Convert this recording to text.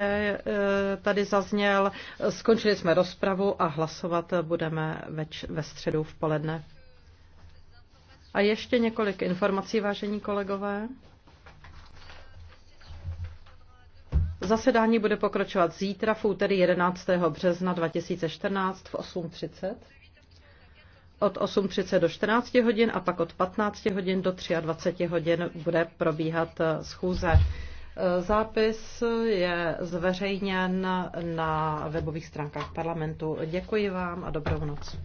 E, e, tady zazněl. Skončili jsme rozpravu a hlasovat budeme več, ve středu v poledne. A ještě několik informací, vážení kolegové. Zasedání bude pokračovat zítra v úterý 11. března 2014 v 8.30. Od 8.30 do 14 hodin a pak od 15 hodin do 23 hodin bude probíhat e, schůze. Zápis je zveřejněn na webových stránkách parlamentu. Děkuji vám a dobrou noc.